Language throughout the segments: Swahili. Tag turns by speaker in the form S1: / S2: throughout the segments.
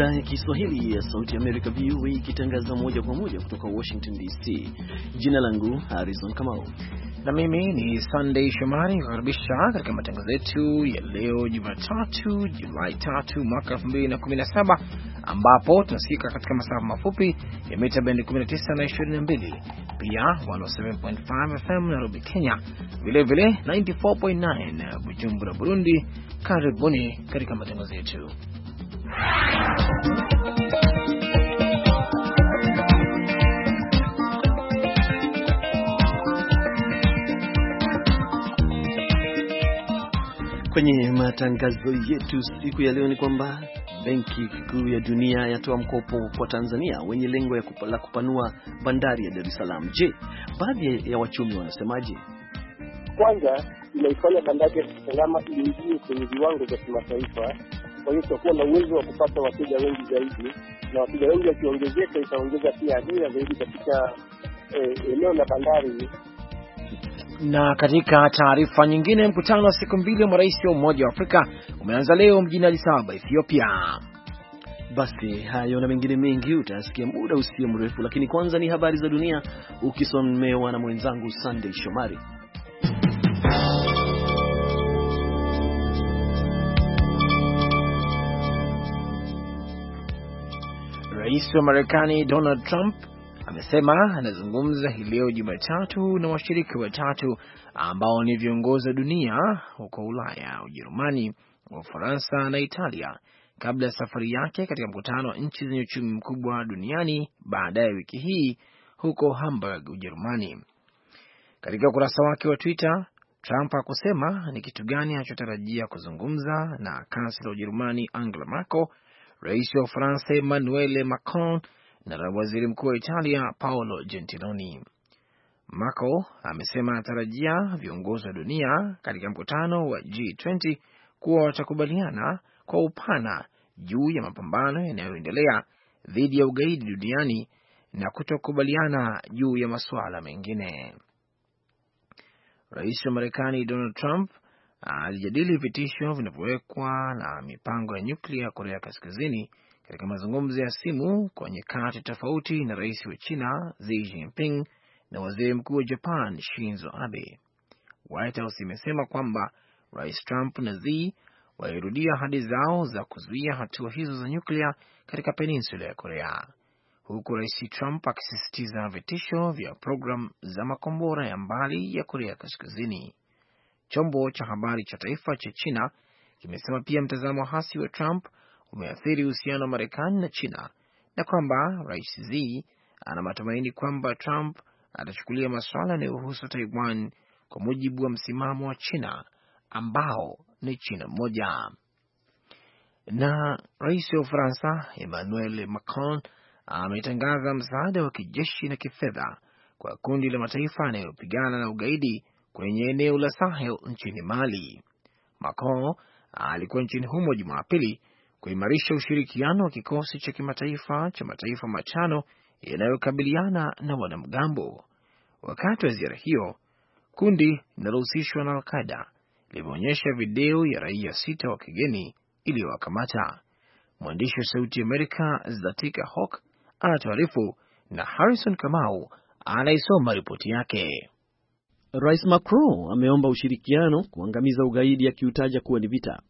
S1: idhaa ya Kiswahili ya Sauti Amerika, VOA, ikitangaza moja kwa moja kutoka Washington DC.
S2: Jina langu Harrison Kamau na mimi ni Sunday Shomari kukaribisha katika matangazo yetu ya leo Jumatatu, Julai tatu mwaka 2017 ambapo tunasikika katika masafa mafupi ya mita bendi 19 na 22, pia 107.5 FM Nairobi, Kenya, vilevile 94.9 Bujumbura, Burundi. Karibuni katika matangazo yetu
S1: Kwenye matangazo yetu siku ya leo ni kwamba Benki Kuu ya Dunia yatoa mkopo kwa Tanzania wenye lengo ya kupa, la kupanua bandari ya Dar es Salaam. Je, baadhi ya wachumi wanasemaje?
S3: Kwanza inaifanya bandari ya Dar es Salaam iingie kwenye viwango vya kimataifa kwa hiyo tutakuwa na uwezo wa kupata wateja wengi zaidi, na wateja wengi wakiongezeka, itaongeza pia ajira zaidi katika eh, eneo la bandari.
S2: Na katika taarifa nyingine, mkutano wa siku mbili wa marais wa Umoja wa Afrika umeanza leo mjini Addis Ababa, Ethiopia.
S1: Basi hayo na mengine mengi utayasikia muda usio mrefu, lakini kwanza ni habari za dunia ukisomewa na mwenzangu Sunday Shomari.
S2: Rais wa Marekani Donald Trump amesema anazungumza hii leo Jumatatu na washiriki watatu ambao ni viongozi wa dunia huko Ulaya, Ujerumani, Ufaransa na Italia kabla ya safari yake katika mkutano wa nchi zenye uchumi mkubwa duniani baadaye wiki hii huko Hamburg, Ujerumani. Katika ukurasa wake wa Twitter, Trump hakusema ni kitu gani anachotarajia kuzungumza na kansela wa Ujerumani Angela Merkel rais wa Ufaransa Emmanuel Macron na waziri mkuu wa Italia Paolo Gentiloni. maco amesema anatarajia viongozi wa dunia katika mkutano wa G20 kuwa watakubaliana kwa upana juu ya mapambano yanayoendelea dhidi ya ugaidi duniani na kutokubaliana juu ya masuala mengine. Rais wa Marekani Donald Trump Ah, alijadili vitisho vinavyowekwa na mipango ya nyuklia ya Korea Kaskazini katika mazungumzo ya simu kwa nyakati tofauti na rais wa China Xi Jinping na waziri mkuu wa Japan Shinzo Abe. White House imesema kwamba rais Trump na Xi walirudia ahadi zao za kuzuia hatua hizo za nyuklia katika peninsula ya Korea, huku rais Trump akisisitiza vitisho vya programu za makombora ya mbali ya Korea Kaskazini. Chombo cha habari cha taifa cha China kimesema pia mtazamo hasi wa Trump umeathiri uhusiano wa Marekani na China na kwamba Rais Z ana matumaini kwamba Trump atachukulia masuala yanayohusu Taiwan kwa mujibu wa msimamo wa China ambao ni China mmoja Na rais wa Ufaransa Emmanuel Macron ametangaza msaada wa kijeshi na kifedha kwa kundi la mataifa yanayopigana na ugaidi kwenye eneo la Sahel nchini Mali. Macron alikuwa nchini humo Jumapili kuimarisha ushirikiano wa kikosi cha kimataifa cha mataifa matano yanayokabiliana na wanamgambo. Wakati wa ziara hiyo, kundi linalohusishwa na Alqaida limeonyesha video ya raia sita wa kigeni iliyowakamata. Mwandishi wa Sauti Amerika Zlatika Hawk anataarifu na Harrison Kamau anaisoma ripoti yake. Rais Macron ameomba ushirikiano kuangamiza
S1: ugaidi akiutaja kuwa ni vita.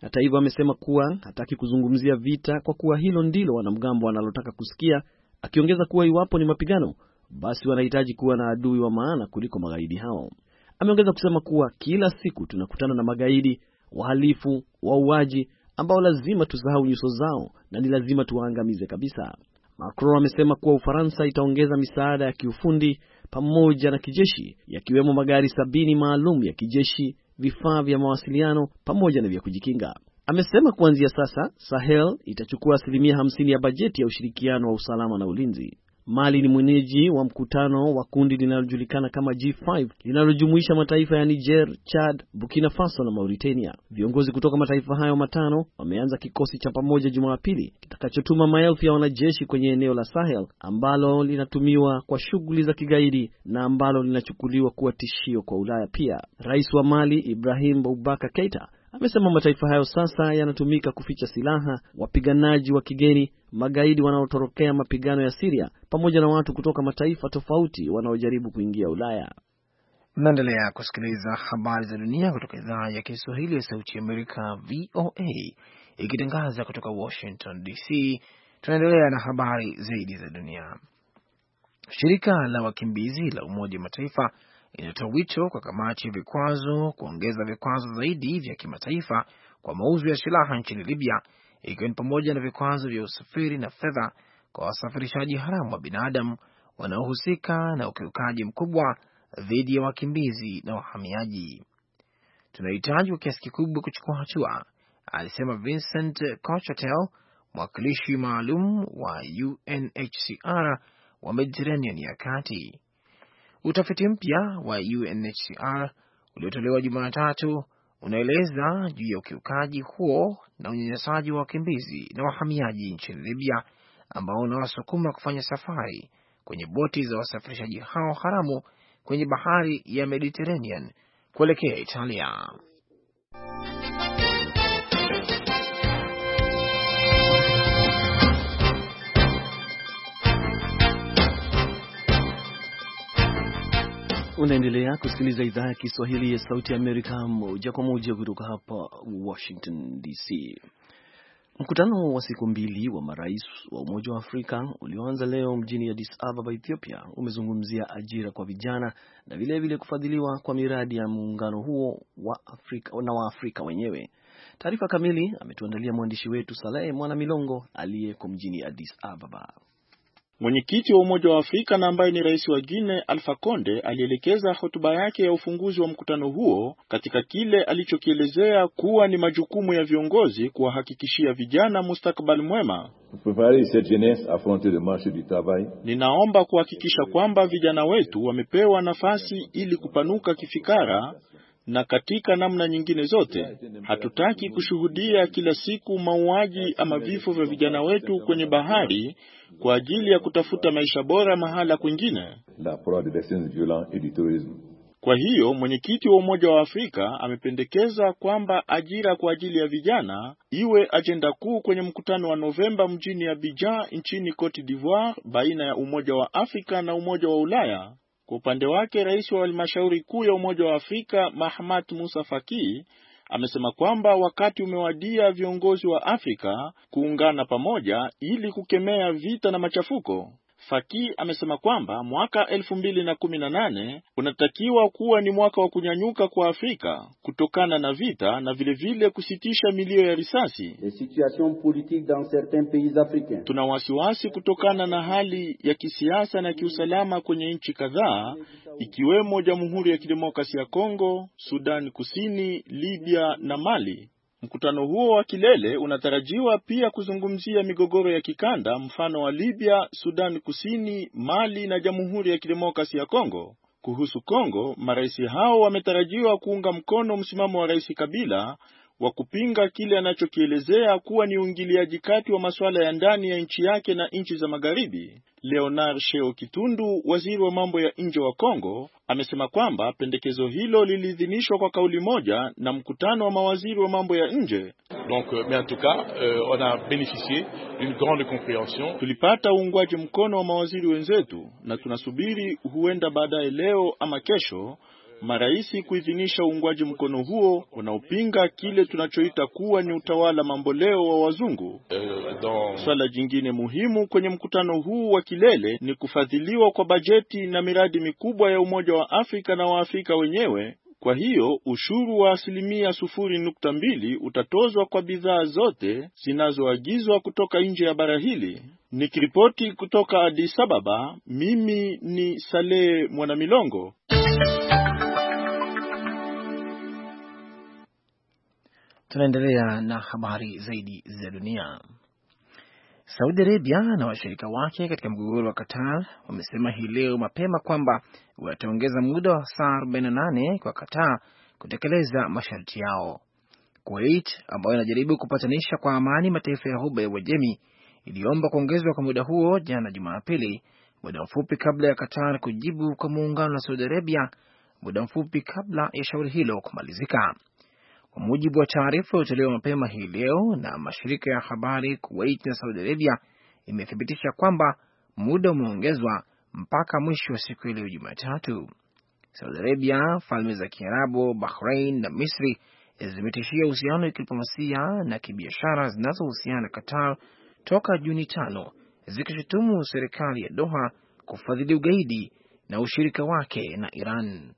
S1: Hata hivyo, amesema kuwa hataki kuzungumzia vita kwa kuwa hilo ndilo wanamgambo wanalotaka kusikia, akiongeza kuwa iwapo ni mapigano, basi wanahitaji kuwa na adui wa maana kuliko magaidi hao. Ameongeza kusema kuwa kila siku tunakutana na magaidi, wahalifu, wauaji ambao lazima tusahau nyuso zao na ni lazima tuwaangamize kabisa. Macron amesema kuwa Ufaransa itaongeza misaada ya kiufundi pamoja na kijeshi yakiwemo magari sabini maalum ya kijeshi, vifaa vya mawasiliano pamoja na vya kujikinga. Amesema kuanzia sasa Sahel itachukua asilimia 50 ya bajeti ya ushirikiano wa usalama na ulinzi. Mali ni mwenyeji wa mkutano wa kundi linalojulikana kama G5 linalojumuisha mataifa ya Niger, Chad, Burkina Faso na Mauritania. Viongozi kutoka mataifa hayo matano wameanza kikosi cha pamoja Jumapili kitakachotuma maelfu ya wanajeshi kwenye eneo la Sahel ambalo linatumiwa kwa shughuli za kigaidi na ambalo linachukuliwa kuwa tishio kwa Ulaya pia. Rais wa Mali Ibrahim Boubacar Keita Amesema mataifa hayo sasa yanatumika kuficha silaha, wapiganaji wa kigeni, magaidi wanaotorokea mapigano ya Siria, pamoja na watu kutoka mataifa tofauti wanaojaribu kuingia Ulaya.
S2: Mnaendelea kusikiliza habari za dunia kutoka idhaa ya Kiswahili ya Sauti ya Amerika, VOA, ikitangaza kutoka Washington DC. Tunaendelea na habari zaidi za dunia. Shirika la wakimbizi la Umoja wa Mataifa inatoa wito kwa kamati ya vikwazo kuongeza vikwazo zaidi vya kimataifa kwa mauzo ya silaha nchini Libya, ikiwa ni pamoja na vikwazo vya usafiri na fedha kwa wasafirishaji haramu wa binadamu wanaohusika na ukiukaji mkubwa dhidi ya wakimbizi na wahamiaji. Tunahitaji kwa kiasi kikubwa kuchukua hatua, alisema Vincent Cochetel, mwakilishi maalum wa UNHCR wa Mediterranean ya kati. Utafiti mpya wa UNHCR uliotolewa Jumatatu unaeleza juu ya ukiukaji huo na unyanyasaji wa wakimbizi na wahamiaji nchini Libya ambao unawasukuma kufanya safari kwenye boti za wasafirishaji hao haramu kwenye bahari ya Mediterranean kuelekea Italia.
S1: Unaendelea kusikiliza idhaa ya Kiswahili ya Sauti ya Amerika moja kwa moja kutoka hapa Washington DC. Mkutano wa siku mbili wa marais wa Umoja wa Afrika ulioanza leo mjini Addis Ababa, Ethiopia, umezungumzia ajira kwa vijana na vilevile kufadhiliwa kwa miradi ya muungano huo wa Afrika, na Waafrika wenyewe. Taarifa kamili ametuandalia mwandishi wetu Salehe Mwana Milongo
S4: aliyeko mjini Addis Ababa. Mwenyekiti wa Umoja wa Afrika na ambaye ni rais wa Guinea Alfa Conde alielekeza hotuba yake ya ufunguzi wa mkutano huo katika kile alichokielezea kuwa ni majukumu ya viongozi kuwahakikishia vijana mustakabali mwema. Ninaomba kuhakikisha kwamba vijana wetu wamepewa nafasi ili kupanuka kifikara na katika namna nyingine zote. Hatutaki kushuhudia kila siku mauaji ama vifo vya vijana wetu kwenye bahari kwa ajili ya kutafuta maisha bora mahala kwingine. Kwa hiyo mwenyekiti wa Umoja wa Afrika amependekeza kwamba ajira kwa ajili ya vijana iwe ajenda kuu kwenye mkutano wa Novemba mjini Abidjan nchini Cote d'Ivoire baina ya Umoja wa Afrika na Umoja wa Ulaya. Kwa upande wake, rais wa halmashauri kuu ya Umoja wa Afrika Mahamat Musa Faki amesema kwamba wakati umewadia viongozi wa Afrika kuungana pamoja ili kukemea vita na machafuko. Faki amesema kwamba mwaka elfu mbili na kumi na nane unatakiwa kuwa ni mwaka wa kunyanyuka kwa Afrika kutokana na vita na vilevile vile kusitisha milio ya risasi. Tuna wasiwasi kutokana na hali ya kisiasa na kiusalama kwenye nchi kadhaa ikiwemo Jamhuri ya Kidemokrasia ya Kongo, sudani Kusini, Libya na Mali. Mkutano huo wa kilele unatarajiwa pia kuzungumzia migogoro ya kikanda, mfano wa Libya, Sudan Kusini, Mali na Jamhuri ya Kidemokrasia ya Kongo. Kuhusu Kongo, marais hao wametarajiwa kuunga mkono msimamo wa Rais Kabila wa kupinga kile anachokielezea kuwa ni uingiliaji kati wa masuala ya ndani ya nchi yake na nchi za magharibi. Leonard Sheo Kitundu, waziri wa mambo ya nje wa Kongo, amesema kwamba pendekezo hilo liliidhinishwa kwa kauli moja na mkutano wa mawaziri wa mambo ya nje. Donc euh, mais en tout cas euh, on a bénéficié d'une grande comprehension. Tulipata uungwaji mkono wa mawaziri wenzetu na tunasubiri huenda baadaye leo ama kesho maraisi kuidhinisha uungwaji mkono huo unaopinga kile tunachoita kuwa ni utawala mamboleo wa wazungu. Euh, Swala jingine muhimu kwenye mkutano huu wa kilele ni kufadhiliwa kwa bajeti na miradi mikubwa ya Umoja wa Afrika na Waafrika wenyewe. Kwa hiyo ushuru wa asilimia sufuri nukta mbili utatozwa kwa bidhaa zote zinazoagizwa kutoka nje ya bara hili. Nikiripoti kutoka Addis Ababa, mimi ni Saleh Mwanamilongo.
S2: Tunaendelea na habari zaidi za dunia. Saudi Arabia na washirika wake katika mgogoro wa Qatar wamesema hii leo mapema kwamba wataongeza muda wa saa 48 kwa Qatar kutekeleza masharti yao. Kuwait ambayo inajaribu kupatanisha kwa amani mataifa ya Ghuba ya Uajemi iliomba kuongezwa kwa muda huo jana Jumapili, muda mfupi kabla ya Qatar kujibu kwa muungano wa Saudi Arabia, muda mfupi kabla ya shauri hilo kumalizika. Kwa mujibu wa taarifa iliyotolewa mapema hii leo na mashirika ya habari, Kuwait na Saudi Arabia imethibitisha kwamba muda umeongezwa mpaka mwisho wa siku ya Jumatatu. Saudi Arabia, Falme za Kiarabu, Bahrain na Misri zimetishia uhusiano wa kidiplomasia na kibiashara zinazohusiana na Qatar toka Juni tano, zikishutumu serikali ya Doha kufadhili ugaidi na ushirika wake na Iran.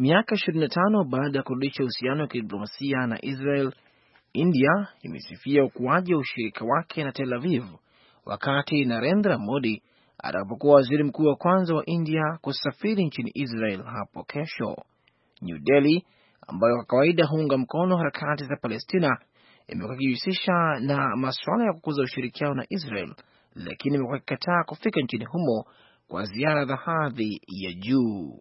S2: Miaka 25 baada ya kurudisha uhusiano wa kidiplomasia na Israel, India imesifia ukuaji wa ushirika wake na Tel Aviv wakati Narendra Modi atakapokuwa waziri mkuu wa kwanza wa India kusafiri nchini Israel hapo kesho. New Delhi ambayo kwa kawaida huunga mkono harakati za Palestina imekuwa ikijihusisha na masuala ya kukuza ushirikiano na Israel, lakini imekuwa ikikataa kufika nchini humo kwa ziara za hadhi ya juu.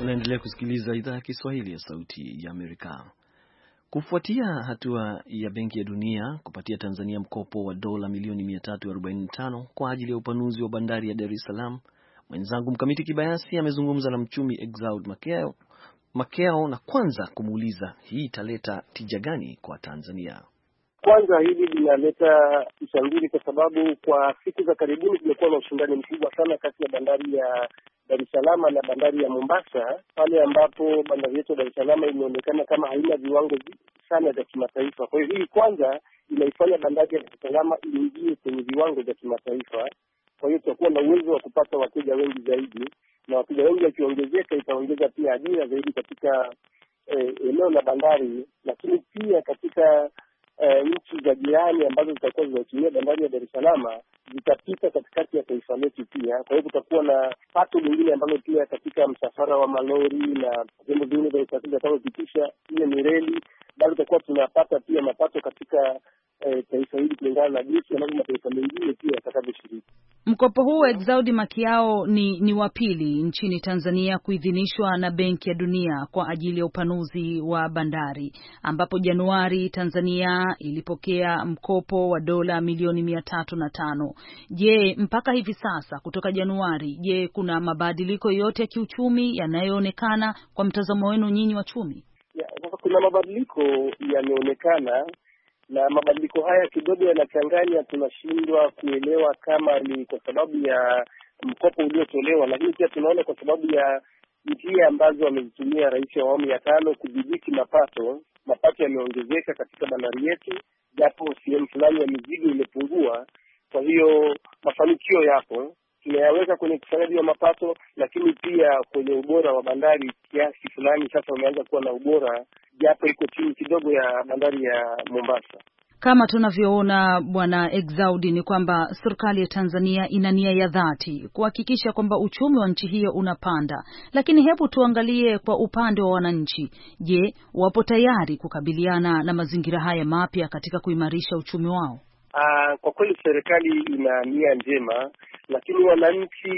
S1: Unaendelea kusikiliza idhaa ya Kiswahili ya Sauti ya Amerika. Kufuatia hatua ya Benki ya Dunia kupatia Tanzania mkopo wa dola milioni 345 kwa ajili ya upanuzi wa bandari ya Dar es Salaam, mwenzangu Mkamiti Kibayasi amezungumza na mchumi Exaud Makeo, Makeo na kwanza kumuuliza hii italeta tija gani kwa Tanzania.
S3: Kwanza hili linaleta ushangiri kwa sababu kwa siku za karibuni kumekuwa na ushindani mkubwa sana kati ya bandari ya Dar es Salaam na bandari ya Mombasa, pale ambapo bandari yetu ya Dar es Salaam imeonekana kama haina viwango sana vya kimataifa. Kwa hiyo hii kwanza inaifanya bandari ya Dar es Salaam iingie kwenye viwango vya kimataifa. Kwa hiyo tutakuwa na uwezo wa kupata wateja wengi zaidi, na wateja wengi wakiongezeka, itaongeza pia ajira zaidi katika eh, eneo eh, la bandari, lakini pia katika Eh, nchi za jirani ambazo zitakuwa zinatumia bandari ya Dar es Salaam zitapita katikati ya taifa letu pia. Kwa hiyo kutakuwa na pato lingine ambalo pia katika msafara wa malori na vyombo vingine vya usafiri vitakavyopitisha hiyo ni reli, bado tutakuwa tunapata pia mapato katika eh, taifa hili kulingana na jinsi ambavyo mataifa mengine pia yatakavyoshiriki.
S5: Mkopo huu Exaudi Makiao ni, ni wa pili nchini Tanzania kuidhinishwa na Benki ya Dunia kwa ajili ya upanuzi wa bandari, ambapo Januari Tanzania ilipokea mkopo wa dola milioni mia tatu na tano. Je, mpaka hivi sasa kutoka Januari, je, kuna mabadiliko yote ya kiuchumi yanayoonekana kwa mtazamo wenu nyinyi wachumi? Ya,
S3: kuna mabadiliko yameonekana na mabadiliko haya kidogo yanachanganya, tunashindwa kuelewa kama ni kwa sababu ya mkopo uliotolewa, lakini pia tunaona kwa sababu ya njia ambazo wamezitumia rais wa awamu ya tano kudhibiti mapato. Mapato yameongezeka katika bandari yetu, japo sehemu fulani ya mizigo imepungua. Kwa hiyo mafanikio yapo, tunayaweka kwenye ukusanyaji wa mapato, lakini pia kwenye ubora wa bandari. Kiasi fulani sasa umeanza kuwa na ubora japo iko chini kidogo ya bandari ya Mombasa.
S5: Kama tunavyoona Bwana Exaudi, ni kwamba serikali ya Tanzania ina nia ya dhati kuhakikisha kwamba uchumi wa nchi hiyo unapanda, lakini hebu tuangalie kwa upande wa wananchi. Je, wapo tayari kukabiliana na mazingira haya mapya katika kuimarisha uchumi wao?
S3: Aa, ah, kwa kweli serikali ina nia njema lakini wananchi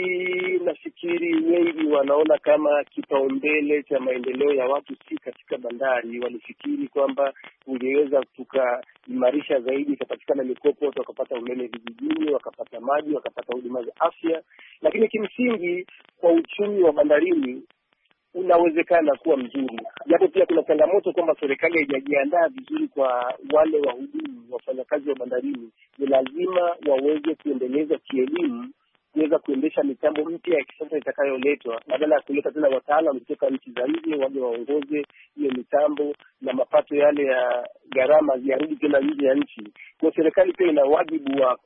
S3: nafikiri wengi wanaona kama kipaumbele cha maendeleo ya watu si katika bandari. Walifikiri kwamba tungeweza tukaimarisha zaidi, ikapatikana mikopo, watu wakapata umeme vijijini, wakapata maji, wakapata huduma za afya, lakini kimsingi kwa uchumi wa bandarini unawezekana kuwa mzuri, japo pia kuna changamoto kwamba serikali haijajiandaa vizuri kwa wale wahudumu wafanyakazi wa bandarini. Ni lazima waweze kuendeleza kielimu kuweza kuendesha mitambo mpya ya kisasa itakayoletwa, badala ya kuleta tena wataalam kutoka nchi za nje waje waongoze hiyo mitambo na mapato yale ya gharama ziarudi tena nje ya nchi. Kwa serikali pia ina wajibu wa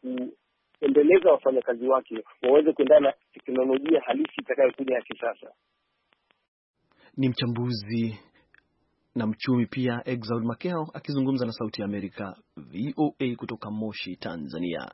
S3: kuendeleza wafanyakazi wake waweze kuendana na teknolojia halisi itakayokuja ya kisasa
S1: ni mchambuzi na mchumi pia Exaud Makeo akizungumza na Sauti ya Amerika VOA kutoka Moshi, Tanzania.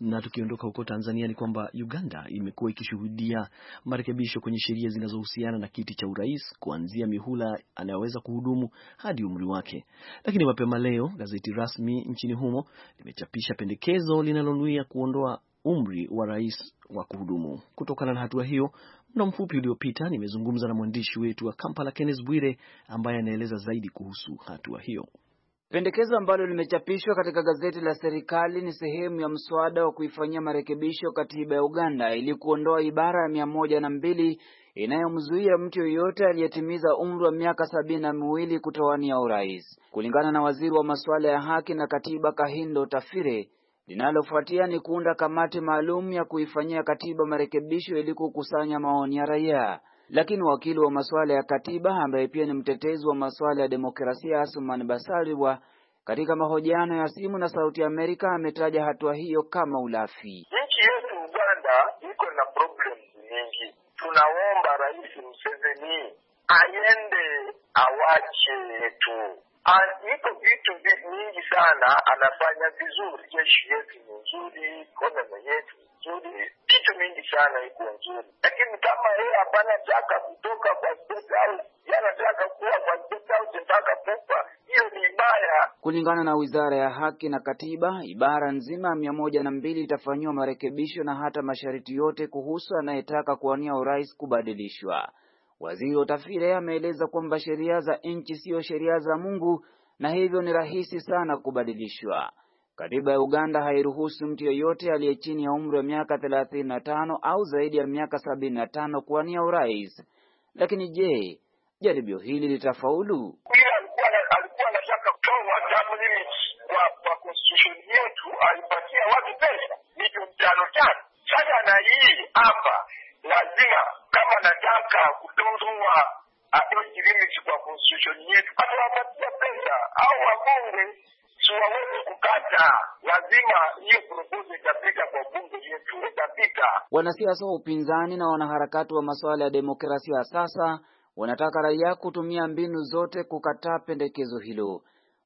S1: Na tukiondoka huko Tanzania ni kwamba Uganda imekuwa ikishuhudia marekebisho kwenye sheria zinazohusiana na kiti cha urais kuanzia mihula anayoweza kuhudumu hadi umri wake. Lakini mapema leo gazeti rasmi nchini humo limechapisha pendekezo linalonuia kuondoa umri wa rais wa kuhudumu. Kutokana na hatua hiyo, muda mfupi uliopita nimezungumza na mwandishi wetu wa Kampala, Kenneth Bwire, ambaye anaeleza zaidi kuhusu hatua hiyo.
S6: Pendekezo ambalo limechapishwa katika gazeti la serikali ni sehemu ya mswada wa kuifanyia marekebisho katiba ya Uganda ili kuondoa ibara ya mia moja na mbili inayomzuia mtu yoyote aliyetimiza umri wa miaka sabini na miwili kutowania urais. Kulingana na waziri wa masuala ya haki na katiba Kahindo Tafire, Linalofuatia ni kuunda kamati maalum ya kuifanyia katiba marekebisho ili kukusanya maoni ya raia. Lakini wakili wa masuala ya katiba ambaye pia ni mtetezi wa masuala ya demokrasia Asuman Basalirwa katika mahojiano ya simu na Sauti ya Amerika ametaja hatua hiyo kama ulafi.
S7: Nchi yetu Uganda iko na problems nyingi. Tunaomba Rais Museveni aende awache tu Ah, Niko vitu vingi sana anafanya vizuri. Jeshi yetu ni nzuri, kolona yetu ni nzuri, vitu mingi sana iko nzuri, lakini kama yeye hapana taka kutoka kwa state house, yanataka kuwa kwa state house mpaka hiyo ni
S6: ibaya. Kulingana na wizara ya haki na katiba, ibara nzima mia moja na mbili itafanyiwa marekebisho na hata masharti yote kuhusu anayetaka kuwania urais kubadilishwa. Waziri wa tafire ameeleza kwamba sheria za nchi siyo sheria za Mungu na hivyo ni rahisi sana kubadilishwa. Katiba ya Uganda hairuhusu mtu yeyote aliye chini ya umri wa miaka 35 au zaidi ya miaka 75 kuwania urais. Lakini je, jaribio hili litafaulu?
S7: kwa yetu, alipatia watu pesa milioni tano tano. Sasa na hii hapa lazima kama nataka kutunzua adesi kwa constitution yetu, atawapatia pesa au wabunge siwawezi kukata. Lazima hiyo proposal itapita kwa bunge
S6: yetu, itapita. Wanasiasa wa upinzani na wanaharakati wa masuala ya demokrasia sasa wanataka raia kutumia mbinu zote kukataa pendekezo hilo.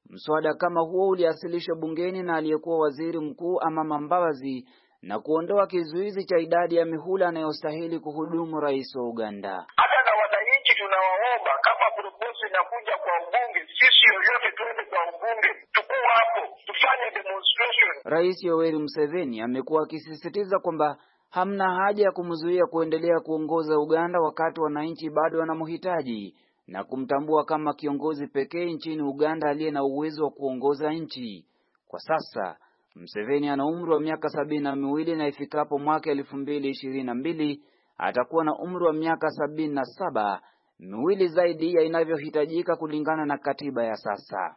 S6: Mswada kama huo uliasilishwa bungeni na aliyekuwa waziri mkuu Amama Mbabazi na kuondoa kizuizi cha idadi ya mihula anayostahili kuhudumu rais wa Uganda.
S7: Hata na wananchi tunawaomba, kama proposi inakuja kwa ubunge, sisi yoyote tuende kwa ubunge, tukuwa hapo tufanye demonstration.
S6: Rais Yoweri Museveni amekuwa akisisitiza kwamba hamna haja ya kumzuia kuendelea kuongoza Uganda wakati wananchi bado wanamhitaji na kumtambua kama kiongozi pekee nchini Uganda aliye na uwezo wa kuongoza nchi. Kwa sasa Mseveni ana umri wa miaka sabini na miwili na ifikapo mwaka elfu mbili ishirini na mbili atakuwa na umri wa miaka sabini na saba miwili zaidi ya inavyohitajika kulingana na katiba ya sasa.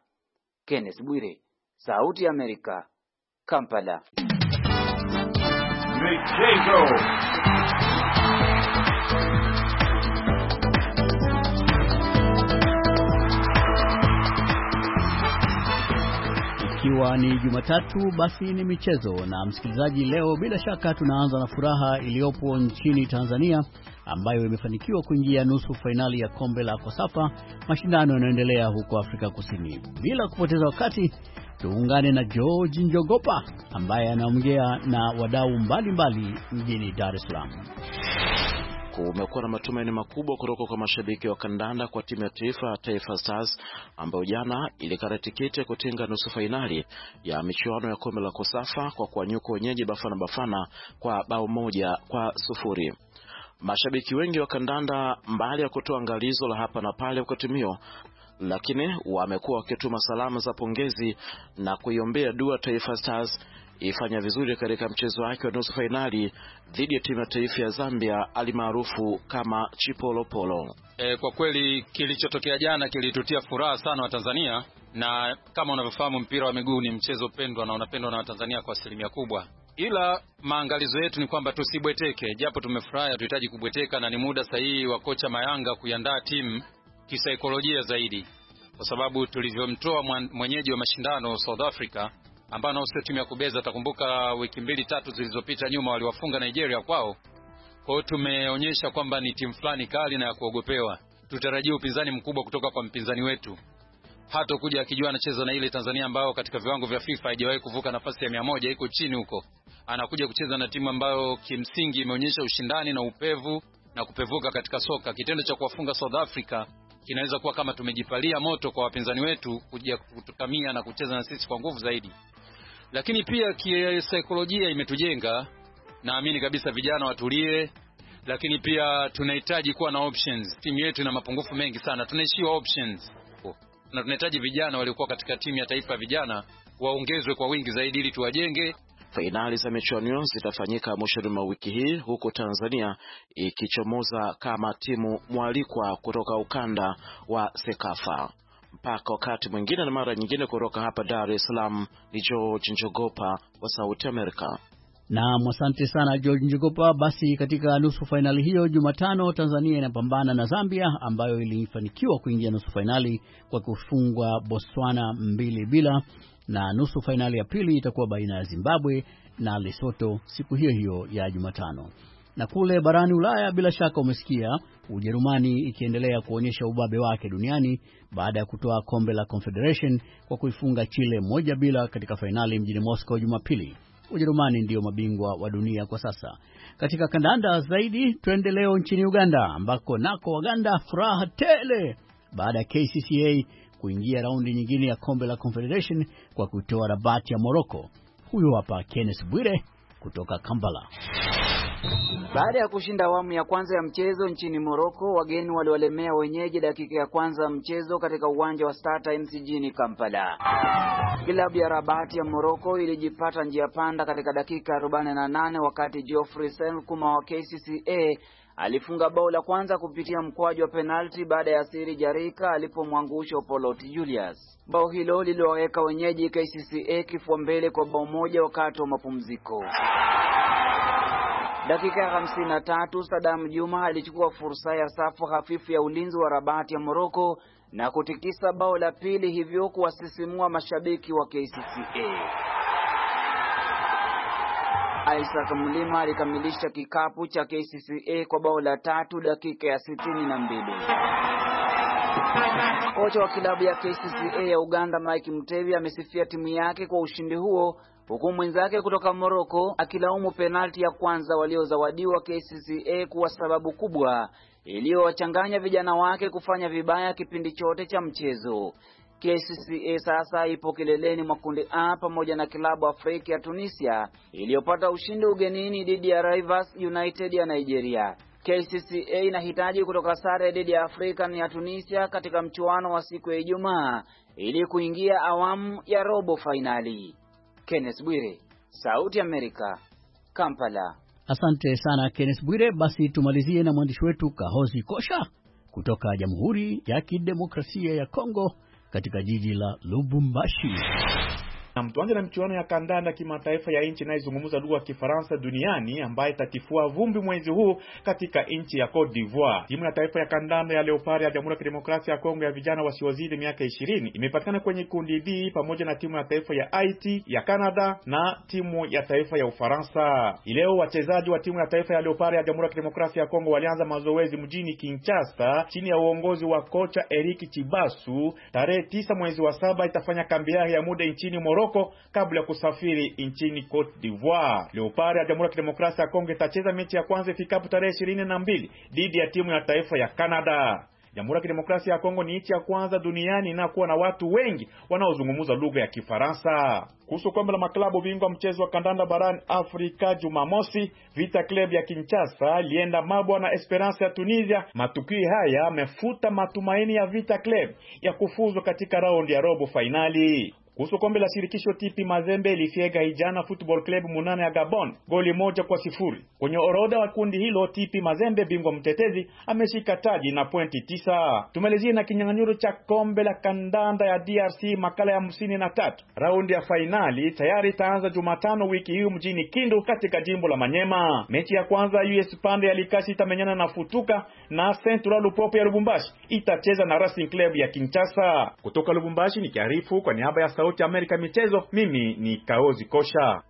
S6: Kenneth Bwire, Sauti ya Amerika, Kampala.
S7: Michezo.
S8: Ikiwa ni Jumatatu, basi ni michezo na msikilizaji. Leo bila shaka tunaanza na furaha iliyopo nchini Tanzania ambayo imefanikiwa kuingia nusu fainali ya kombe la Kosafa, mashindano yanayoendelea huko Afrika Kusini. Bila kupoteza wakati, tuungane na George Njogopa ambaye anaongea na wadau mbalimbali mjini Dar es Salaam. Kumekuwa na matumaini
S1: makubwa kutoka kwa mashabiki wa kandanda kwa timu ya taifa ya Taifa Stars ambayo jana ilikata tiketi ya kutinga nusu fainali ya michuano ya kombe la Kosafa kwa kuanyuka wenyeji Bafana Bafana kwa bao moja kwa sufuri. Mashabiki wengi wa kandanda, mbali ya kutoa angalizo la hapa na pale kwa timu hiyo, lakini wamekuwa wakituma salamu za pongezi na kuiombea dua Taifa Stars ifanya vizuri katika mchezo wake wa nusu fainali dhidi ya timu ya taifa ya Zambia alimaarufu kama Chipolopolo.
S9: E, kwa kweli kilichotokea jana kilitutia furaha sana Watanzania, na kama unavyofahamu mpira wa miguu ni mchezo pendwa na unapendwa na Watanzania kwa asilimia kubwa ila maangalizo yetu ni kwamba tusibweteke, japo tumefurahi, hatuhitaji kubweteka, na ni muda sahihi wa kocha Mayanga kuiandaa timu kisaikolojia zaidi, kwa sababu tulivyomtoa mwenyeji wa mashindano South Africa ambao nao sio timu ya kubeza. Utakumbuka wiki mbili tatu zilizopita nyuma waliwafunga Nigeria kwao. Kwa hiyo tumeonyesha kwamba ni timu fulani kali na ya kuogopewa. Tutarajia upinzani mkubwa kutoka kwa mpinzani wetu, hata kuja akijua anacheza na ile Tanzania ambayo katika viwango vya FIFA haijawahi kuvuka nafasi ya mia moja, iko chini huko. Anakuja kucheza na timu ambayo kimsingi imeonyesha ushindani na upevu na kupevuka katika soka. Kitendo cha kuwafunga South Africa kinaweza kuwa kama tumejipalia moto kwa wapinzani wetu kuja kutukamia na kucheza na sisi kwa nguvu zaidi lakini pia kisaikolojia imetujenga. Naamini kabisa vijana watulie, lakini pia tunahitaji kuwa na options. Timu yetu ina mapungufu mengi sana, tunaishiwa options na tunahitaji vijana waliokuwa katika timu ya taifa ya vijana waongezwe kwa wingi zaidi ili tuwajenge. Fainali za
S1: michuano zitafanyika mwishoni mwa wiki hii huku Tanzania ikichomoza kama timu mwalikwa kutoka ukanda wa Sekafa mpaka wakati mwingine na mara nyingine. Kutoka hapa Dar es Salaam ni George Njogopa wa Sauti Amerika.
S8: Naam, asante sana George Njogopa. Basi katika nusu fainali hiyo Jumatano, Tanzania inapambana na Zambia ambayo ilifanikiwa kuingia nusu fainali kwa kufungwa Botswana mbili bila, na nusu fainali ya pili itakuwa baina ya Zimbabwe na Lesotho siku hiyo hiyo ya Jumatano. Na kule barani Ulaya, bila shaka umesikia Ujerumani ikiendelea kuonyesha ubabe wake duniani baada ya kutoa kombe la Confederation kwa kuifunga Chile moja bila katika fainali mjini Moscow Jumapili. Ujerumani ndiyo mabingwa wa dunia kwa sasa. Katika kandanda zaidi, twende leo nchini Uganda ambako nako Waganda furaha tele baada ya KCCA kuingia raundi nyingine ya kombe la Confederation kwa kutoa Rabati ya Morocco. Huyo hapa Kenneth Bwire kutoka Kampala.
S6: Baada ya kushinda awamu ya kwanza ya mchezo nchini Morocco, wageni waliwalemea wenyeji dakika ya kwanza ya mchezo katika uwanja wa Times jijini Kampala. Klabu ya Rabat ya Morocco ilijipata njia panda katika dakika 48 wakati Geoffrey Senkuma wa KCCA alifunga bao la kwanza kupitia mkwaju wa penalti baada ya Siri Jarika alipomwangusha polot Julius. Bao hilo liliwaweka wenyeji KCCA kifua mbele kwa bao moja wakati wa mapumziko. Dakika ya 53 Sadam Juma alichukua fursa ya safu hafifu ya ulinzi wa Rabati ya Moroko na kutikisa bao la pili, hivyo kuwasisimua mashabiki wa KCCA. Isaac Mlima alikamilisha kikapu cha KCCA kwa bao la tatu dakika ya mbili. Kocha wa kilabu ya KCCA ya Uganda Mike mtevi amesifia timu yake kwa ushindi huo huku mwenzake kutoka Moroko akilaumu penalti ya kwanza waliozawadiwa KCCA kuwa sababu kubwa iliyowachanganya vijana wake kufanya vibaya kipindi chote cha mchezo. KCCA sasa ipo kileleni mwa kundi A pamoja na kilabu Afrika ya Tunisia iliyopata ushindi ugenini dhidi ya Rivers United ya Nigeria. KCCA inahitaji kutoka sare dhidi ya African ya Tunisia katika mchuano wa siku ya Ijumaa ili kuingia awamu ya robo fainali. Kenneth Bwire, Sauti Amerika, Kampala.
S8: Asante sana Kenneth Bwire. Basi tumalizie na mwandishi wetu Kahozi Kosha kutoka Jamhuri ya Kidemokrasia ya Kongo katika jiji la Lubumbashi.
S10: Na mtuanze na michuano ya kandanda kimataifa ya nchi inayozungumza lugha ya Kifaransa duniani ambaye itatifua vumbi mwezi huu katika nchi ya Cote d'Ivoire. Timu ya taifa ya kandanda ya Leopard ya Jamhuri ya Kidemokrasia ya Kongo ya vijana wasiozidi miaka 20 imepatikana kwenye kundi D pamoja na timu ya taifa ya Haiti, ya Canada na timu ya taifa ya Ufaransa. Leo wachezaji wa timu ya taifa ya Leopard ya Jamhuri ya Kidemokrasia ya Kongo walianza mazoezi mjini Kinshasa chini ya uongozi wa kocha Eric Chibasu. Tarehe tisa mwezi wa saba itafanya kambi yake ya muda nchini Morocco Moroko kabla ya kusafiri nchini Cote d'Ivoire. Leopards ya Jamhuri ya Kidemokrasia ya Kongo itacheza mechi ya kwanza ifikapo tarehe ishirini na mbili dhidi ya timu ya taifa ya Canada. Jamhuri ya Kidemokrasia ya Kongo ni nchi ya kwanza duniani inayokuwa na watu wengi wanaozungumza lugha ya Kifaransa. Kuhusu kombe la maklabu bingwa mchezo wa kandanda barani Afrika, Jumamosi Vita Club ya Kinshasa ilienda mabwa na Esperance ya Tunisia. Matukio haya yamefuta matumaini ya Vita Club ya kufuzwa katika raundi ya robo fainali. Kuhusu kombe la shirikisho, TP Mazembe ilifyega Ijana Football Club Munana ya Gabon goli moja kwa sifuri. Kwenye orodha wa kundi hilo, TP Mazembe bingwa mtetezi ameshika taji na pointi tisa. Tumalizia na kinyang'anyiro cha kombe la kandanda ya DRC makala ya hamsini na tatu. Raundi ya fainali tayari itaanza Jumatano wiki hii mjini Kindu katika jimbo la Manyema. Mechi ya kwanza US Pande ya Likasi itamenyana na Futuka na Central Lupopo ya Lubumbashi itacheza na Racing Club ya Kinshasa. Kutoka Lubumbashi nikiarifu kwa niaba ya Sauti Amerika michezo, mimi ni Kaozi Kosha.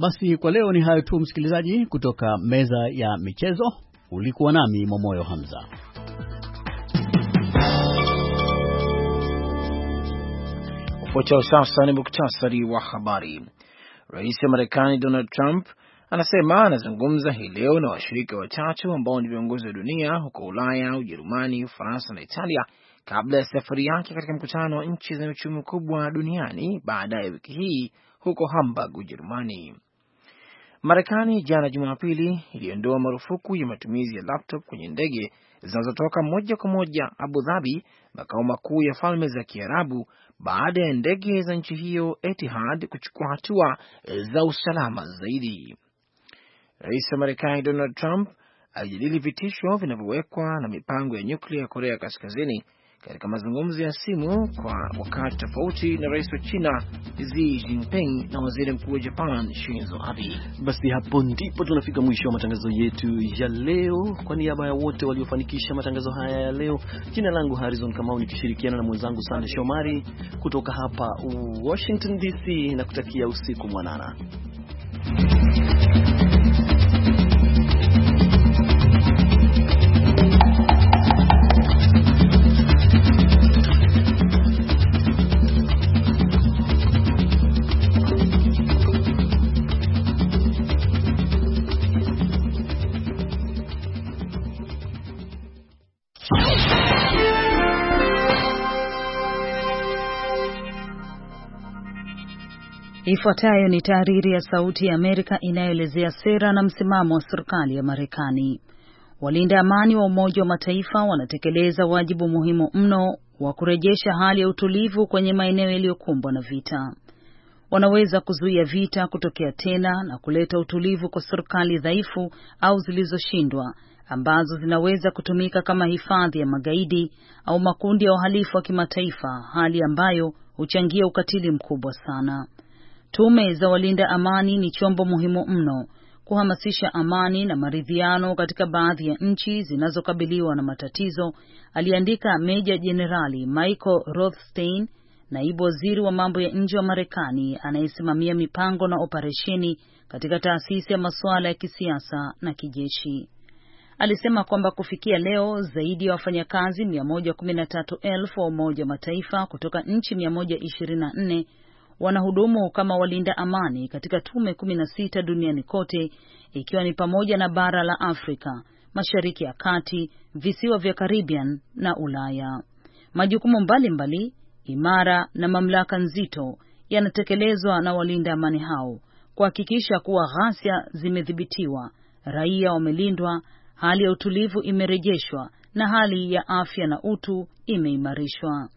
S8: Basi kwa leo ni hayo tu, msikilizaji, kutoka meza ya michezo. Ulikuwa nami Momoyo Hamza.
S2: Ufuatao sasa ni muktasari wa habari. Rais wa Marekani Donald Trump anasema anazungumza hii leo na washirika wachache ambao ni viongozi wa dunia huko Ulaya, Ujerumani, Ufaransa na Italia kabla ya safari yake katika mkutano wa nchi zenye uchumi mkubwa duniani baadaye wiki hii huko Hamburg, Ujerumani. Marekani jana Jumapili iliondoa marufuku ya matumizi ya laptop kwenye ndege zinazotoka moja kwa moja Abu Dhabi, makao makuu ya Falme za Kiarabu, baada ya ndege za nchi hiyo Etihad kuchukua hatua za usalama zaidi. Rais wa Marekani Donald Trump alijadili vitisho vinavyowekwa na mipango ya nyuklia ya Korea Kaskazini katika mazungumzo ya simu kwa wakati tofauti na rais wa China Xi Jinping na waziri mkuu wa Japan Shinzo Abe. Basi
S1: hapo ndipo tunafika mwisho wa matangazo yetu ya leo. Kwa niaba ya wote waliofanikisha matangazo haya ya leo, jina langu Harrison Kamau nikishirikiana na mwenzangu Sande Shomari kutoka hapa Washington DC na kutakia usiku mwanana.
S5: Ifuatayo ni tahariri ya Sauti ya Amerika inayoelezea sera na msimamo wa serikali ya Marekani. Walinda amani wa Umoja wa Mataifa wanatekeleza wajibu muhimu mno wa kurejesha hali ya utulivu kwenye maeneo yaliyokumbwa na vita. Wanaweza kuzuia vita kutokea tena na kuleta utulivu kwa serikali dhaifu au zilizoshindwa ambazo zinaweza kutumika kama hifadhi ya magaidi au makundi ya uhalifu wa kimataifa, hali ambayo huchangia ukatili mkubwa sana. Tume za walinda amani ni chombo muhimu mno kuhamasisha amani na maridhiano katika baadhi ya nchi zinazokabiliwa na matatizo, aliandika Meja Jenerali Michael Rothstein, naibu waziri wa mambo ya nje wa Marekani anayesimamia mipango na operesheni katika taasisi ya masuala ya kisiasa na kijeshi. Alisema kwamba kufikia leo zaidi ya wafanyakazi 113,000 wa Umoja wa Mataifa kutoka nchi wanahudumu kama walinda amani katika tume kumi na sita duniani kote ikiwa ni pamoja na bara la Afrika, Mashariki ya Kati, visiwa vya Caribbean na Ulaya. Majukumu mbalimbali mbali, imara na mamlaka nzito yanatekelezwa na walinda amani hao kuhakikisha kuwa ghasia zimedhibitiwa, raia wamelindwa, hali ya utulivu imerejeshwa na hali ya afya na utu imeimarishwa.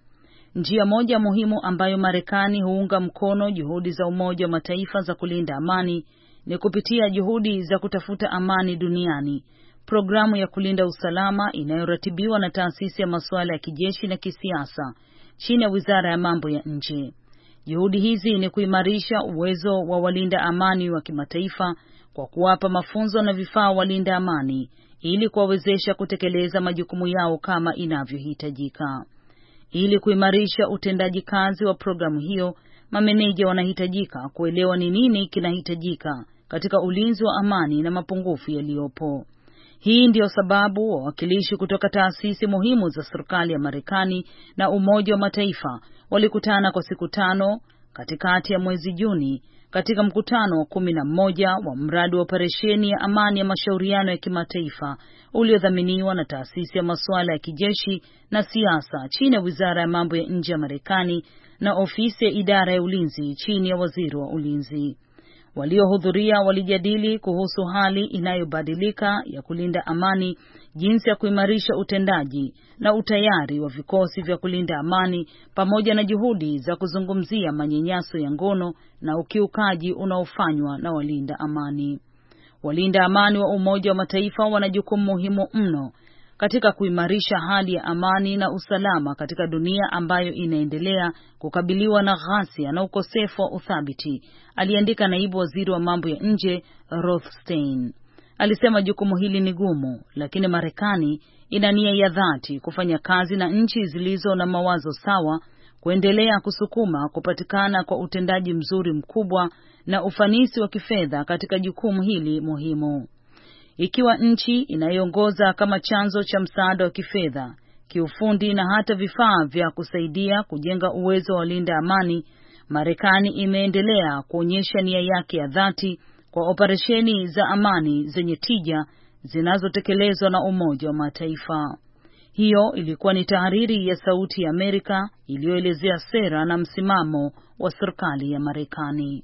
S5: Njia moja muhimu ambayo Marekani huunga mkono juhudi za Umoja wa Mataifa za kulinda amani ni kupitia juhudi za kutafuta amani duniani, programu ya kulinda usalama inayoratibiwa na taasisi ya masuala ya kijeshi na kisiasa chini ya Wizara ya Mambo ya Nje. Juhudi hizi ni kuimarisha uwezo wa walinda amani wa kimataifa kwa kuwapa mafunzo na vifaa walinda amani ili kuwawezesha kutekeleza majukumu yao kama inavyohitajika. Ili kuimarisha utendaji kazi wa programu hiyo, mameneja wanahitajika kuelewa ni nini kinahitajika katika ulinzi wa amani na mapungufu yaliyopo. Hii ndiyo sababu wawakilishi kutoka taasisi muhimu za serikali ya Marekani na Umoja wa Mataifa walikutana kwa siku tano katikati ya mwezi Juni katika mkutano wa kumi na mmoja wa mradi wa operesheni ya amani ya mashauriano ya kimataifa uliodhaminiwa na taasisi ya masuala ya kijeshi na siasa chini ya wizara ya mambo ya nje ya Marekani na ofisi ya idara ya ulinzi chini ya waziri wa ulinzi. Waliohudhuria walijadili kuhusu hali inayobadilika ya kulinda amani jinsi ya kuimarisha utendaji na utayari wa vikosi vya kulinda amani pamoja na juhudi za kuzungumzia manyanyaso ya ngono na ukiukaji unaofanywa na walinda amani. Walinda amani wa Umoja wa Mataifa wana jukumu muhimu mno katika kuimarisha hali ya amani na usalama katika dunia ambayo inaendelea kukabiliwa na ghasia na ukosefu wa uthabiti, aliandika naibu waziri wa mambo ya nje Rothstein. Alisema jukumu hili ni gumu, lakini Marekani ina nia ya dhati kufanya kazi na nchi zilizo na mawazo sawa kuendelea kusukuma kupatikana kwa utendaji mzuri mkubwa na ufanisi wa kifedha katika jukumu hili muhimu. Ikiwa nchi inayoongoza kama chanzo cha msaada wa kifedha, kiufundi na hata vifaa vya kusaidia kujenga uwezo wa walinda amani, Marekani imeendelea kuonyesha nia yake ya dhati kwa operesheni za amani zenye tija zinazotekelezwa na Umoja wa Mataifa. Hiyo ilikuwa ni tahariri ya Sauti ya Amerika iliyoelezea sera na msimamo wa serikali ya Marekani.